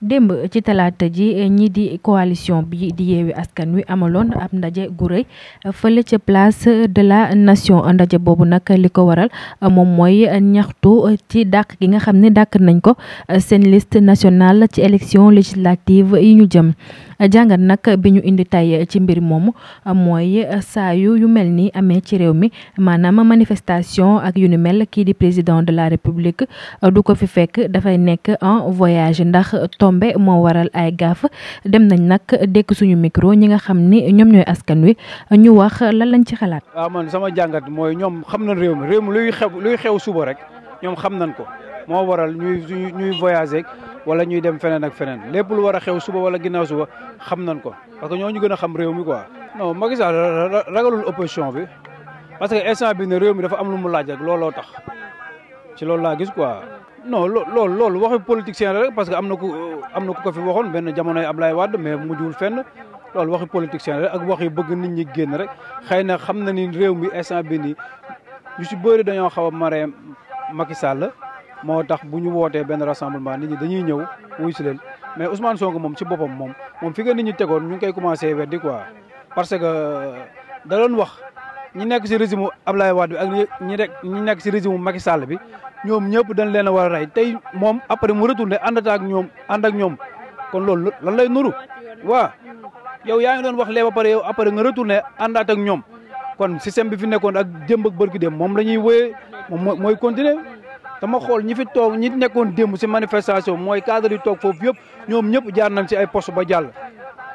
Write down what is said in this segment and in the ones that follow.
démb ci talaata ji ñi di coalition bi di yeewi askan wi amaloon ab ndaje gu rëy fële ca place de la nation ndaje boobu nag li ko waral moom mooy ñaxtu ci dàq gi nga xam ne dàq nañ ko seen liste nationale ci élection législative yi ñu jëm jàngat nag bi ñu indi tey ci mbir moomu mooy saa yu yu mel ni amee ci réew mi maanaam manifestation ak yu ni mel kii di président de la république du ko fi fekk dafay nekk en voyage ndax tombe moo waral ay gaf dem nañ nag dékk suñu micro ñi nga xam ni ñoom ñooy askan wi ñu wax lan lañ ci xalaat. waaw man sama jàngat mooy ñoom xam nañ réew mi réew mi luy xew luy xew suba rek ñoom xam nañ ko moo waral ñuy ñuy voyager wala ñuy dem feneen ak feneen lépp lu war a xew suba wala ginnaaw suba xam nañ ko parce que ñoo ñu gën a xam réew mi quoi. non Macky ragalul opposition bi parce que instant bi ne réew mi dafa am lu mu laaj rek looloo tax ci loolu laa gis quoi. non loolu loolu waxi politicien rek parce que am na ku am na ku ko fi waxoon benn jamonoy Ablaye Wade mais mujjul fenn loolu waxi politicien rek ak wax yu bëgg nit ñi génn rek xëy na xam na ni réew mi instant bi nii ñu si bëri dañoo xaw a maree Macky moo tax bu ñu wootee benn rassemblement nit ñi dañuy ñëw wuy si leen mais Ousmane Sonko moom ci boppam moom moom fi nga nit ñi tegoon ñu ngi koy commencé weddi quoi parce que da doon wax ñi nekk si régime u Ablaye Wade bi ak ñi rek ñi nekk si régime u Macky Sall bi ñoom ñëpp dañ leen a rey tey moom après mu ne ànd ak ñoom ànd ak ñoom kon loolu lan lay nuru waa yow yaa ngi doon wax lee ba pare yow après nga retourné àndaat ak ñoom kon système bi fi nekkoon ak jëmb ak bërki dem moom la ñuy wéyee mooy continuer tama xool ñi fi toog ñi nekkoon démb si manifestation mooy cadre yi toog foofu yëpp ñoom ñëpp jaar nañ si ay poste ba jàll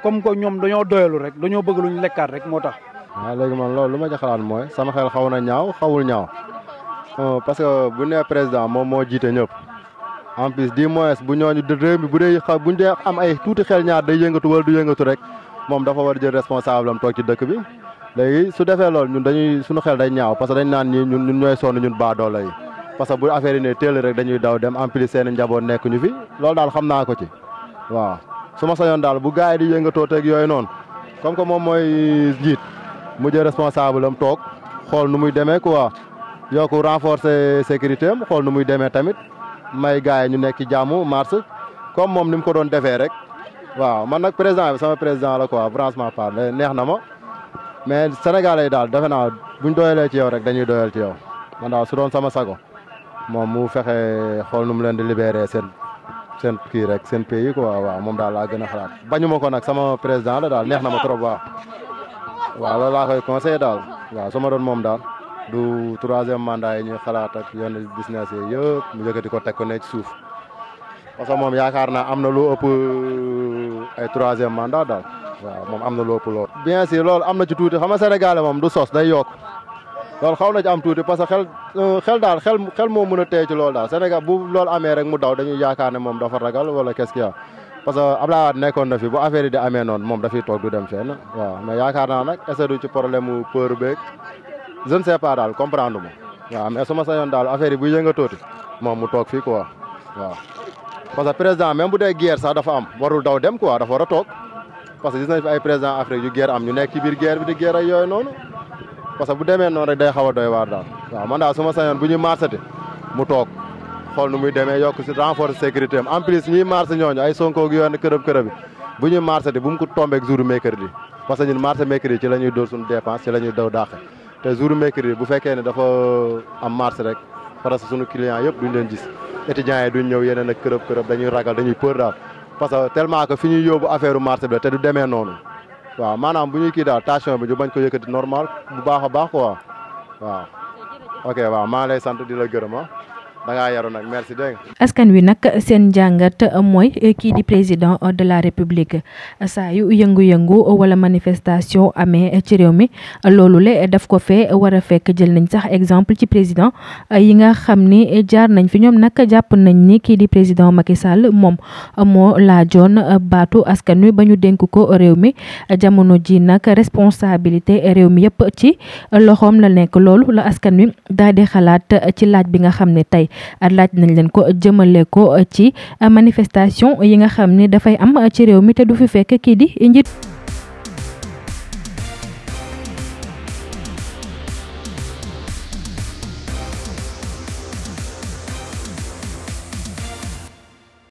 comme que ñoom dañoo doyalu rek dañoo bëgg lu ñu lekkaat rek moo tax. waaw léegi man loolu lu ma ci xalaat mooy sama xel xaw na ñaaw xawul ñaaw euh, parce que bu nee président moom moo jiite ñëpp en plus du moins bu ñooñu réew mi bu dee xa bu ñu dee am ay tuuti xel ñaar day yëngatu wala du yëngatu rek moom dafa war a jël responsable am toog ci dëkk bi léegi su defee loolu ñun dañuy suñu xel day ñaaw parce que dañ naan ñi ñun ñooy sonn ñun baadoolo yi parce que bu affaire yi ne teel rek dañuy daw dem en plus seen njaboot nekk ñu fi loolu daal xam naa ko ci waaw su ma sañoon daal bu gars yi di yëngatoo teg yooyu noonu comme que moom mooy njiit mu jël responsable am toog xool nu muy demee quoi yokku renforcer sécurité am xool nu muy demee tamit may gars ñu nekk ci jàmm mars comme moom ni mu ko doon defee rek waaw man nag président bi sama président la quoi franchement parle neex na ma mais Sénégalais yi daal defe naa buñ doyalee ci yow rek dañuy doyal ci yow man daal su doon sama sago moom mu fexe xool nu leen di libéré seen seen kii rek seen pays quoi waaw moom daal laa gën a xalaat bañu ma ko nag sama président la daal neex na ma trop waaw waaw loolu laa koy conseillé daal waaw su ma doon moom daal du troisième mandat yi ñuy xalaat ak yenn business yi yëpp mu yëkkati ko teg ko ne ci suuf parce moom yaakaar naa am na lu ëpp euh, ay troisième mandat daal waaw moom am na lu ëpp lool. bien sûr loolu am na ci tuuti xam a sénégalais moom du sos day yokk loolu xaw na ci am tuuti parce que xel euh, xel daal xel xel moo mën a téye ci lool daal Sénégal bu lool amee rek mu daw dañuy yaakaar ne moom dafa ragal wala qu'est-ce qu'il y a parce nekkoon na fi bu affaire di amee noon moom dafay toog du dem fenn waaw mais yaakaar naa nag est-ce du ci problème mu peur beeg je ne sais pas daal comprendre mu waaw mais su ma sañoon daal affaire yi bu yëngatooti moom mu toog fii quoi waaw. parce que président même bu dee guerre sax dafa am warul daw dem quoi dafa war a toog parce ñu nekk ci biir guerre bi di guerre noonu. parce que bu demee noonu rek day xaw a doy waar daal waaw man daal su ma sañoon bu ñuy marsati mu toog xool nu muy demee yokk si renforcer sécurité en plus ñuy marché ñooñu ay sonko gi yoon kërëb kërëb bi bu ñuy marsati bu mu ko tombeek jour mercredi parce que ñun marché mercredi ci la ñuy dóor suñu dépense ci la ñuy daw dàqe te jour mercredi bu fekkee ne dafa am marché rek parce que suñu client yëpp duñ leen gis étudiants yi duñ ñëw yeneen ak kërëb kërëb dañuy ragal dañuy peur daal parce que tellement que fi ñuy yóbbu affaire marché bi la waaw maanaam bu ñuy kii daal tension bi ñu bañ ko yëkkati normal bu baax a baax quoi waaw ok maa lay sant di la gërëm ah. da ngaa merci dégg askan wi nag seen njàngat mooy kii di président de la république saa yu yëngu wala manifestation amee ci réew mi loolu le daf ko fe war a fekk jël nañ sax exemple ci président yi nga xam ni jaar nañ fi ñoom nag jàpp nañ ni kii di président Macky Sall moom moo laajoon baatu askan wi ba ñu dénk ko réew mi jamono ji nag responsabilité réew mi yëpp ci loxoom la nekk loolu la askan wi daal di xalaat ci laaj bi nga xam ne tey laaj nañ leen ko jëmale ko ci manifestation yi nga xam ni dafay am ci réew mi te du fi fekk kii di njiit